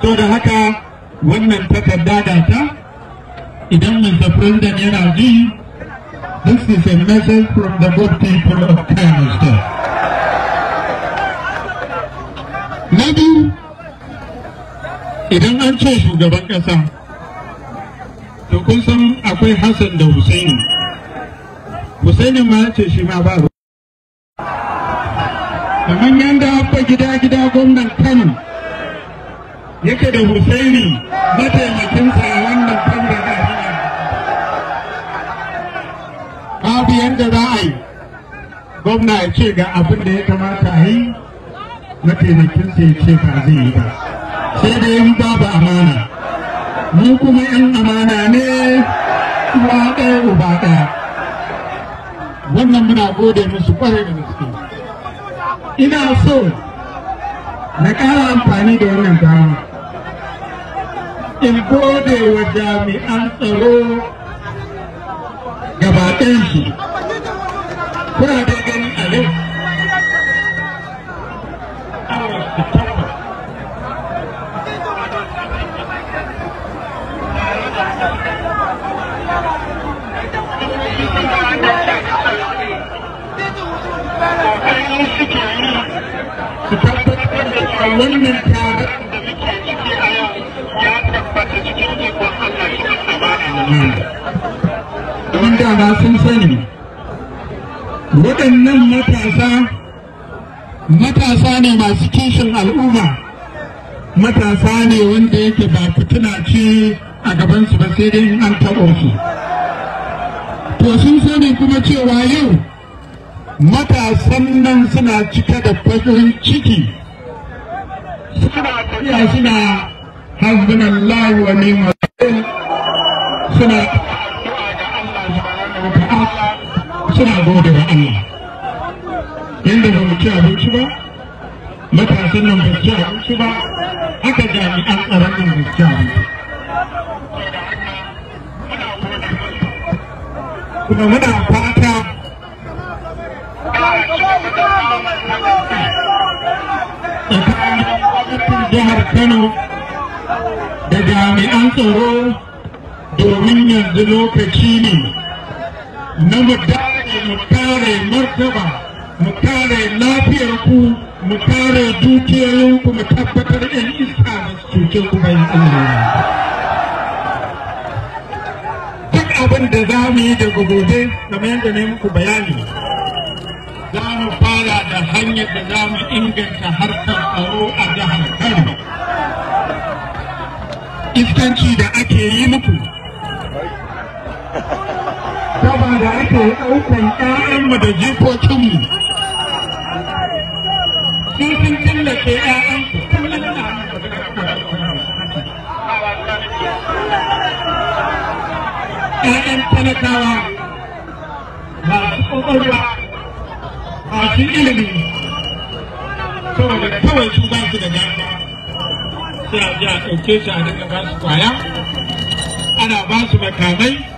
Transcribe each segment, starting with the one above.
to da haka wannan takarda da ta idan Mr. President yana ji this is a message from the good people of Kano State. Na biyu idan an ce shugaban kasa, to kun san akwai Hassan da Husaini. Husaini ma ce shi ma ba kamar yadda akwai gida gida gwamnan Kano yake da Husaini mataimakinsa a wannan fanga da Babu yadda za a yi, gwamna ya ce ga abin da ya kamata a yi, mataimakinsa ya ce ba zai yi ba. Sai dai yi babu amana. Mu kuma 'yan amana ne, uwa ɗaya uba ɗaya. Wannan muna gode musu kwarai da gaske. Ina so na ƙara amfani da wannan dama in gode wa jami'an tsaro gabaɗansu kuna da gani a yau inda ba sun sani waɗannan matasa matasa ne masu kishin al'umma matasa ne wanda yake ba fitina ce a gabansu ba sai dai an taɓo su to sun sani kuma cewa yau matasan nan suna cika da farin ciki suna tafiya suna hasbunallahu wa ni'mal suna suna gode wa Allah inda ba mu không abinci ba matasan nan ba ci abinci ba haka jami'an tsaron nan ba ci abinci kuma muna fata tsakanin jihar Kano da jami'an tsaro domin da lokaci ne na mu dare mu kare martaba mu kare lafiyar ku mu kare dukiyoyin ku mu tabbatar yan iska da cuce ku bayan Allah duk abin da za mu yi daga gobe kamar yadda ne muku bayani za mu fara da hanyar da za mu inganta harkar tsaro a jihar Kano iskanci da ake yi muku saboda ake ɗaukan ƴaƴanmu da jikokinmu sun sun killace ƴaƴanku kullum na ƴaƴan talakawa masu ƙwaƙwalwa masu ilimi saboda kawai su ba su da gasa sai a ji a ɗauke su a daga ba su kwaya ana ba su makamai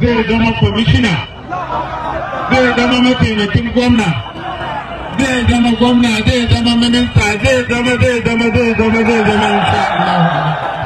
zai zama kwamishina zai zama mataimakin gwamna zai zama gwamna zai zama minista zai zama zai zama zai zama zai zama insha Allah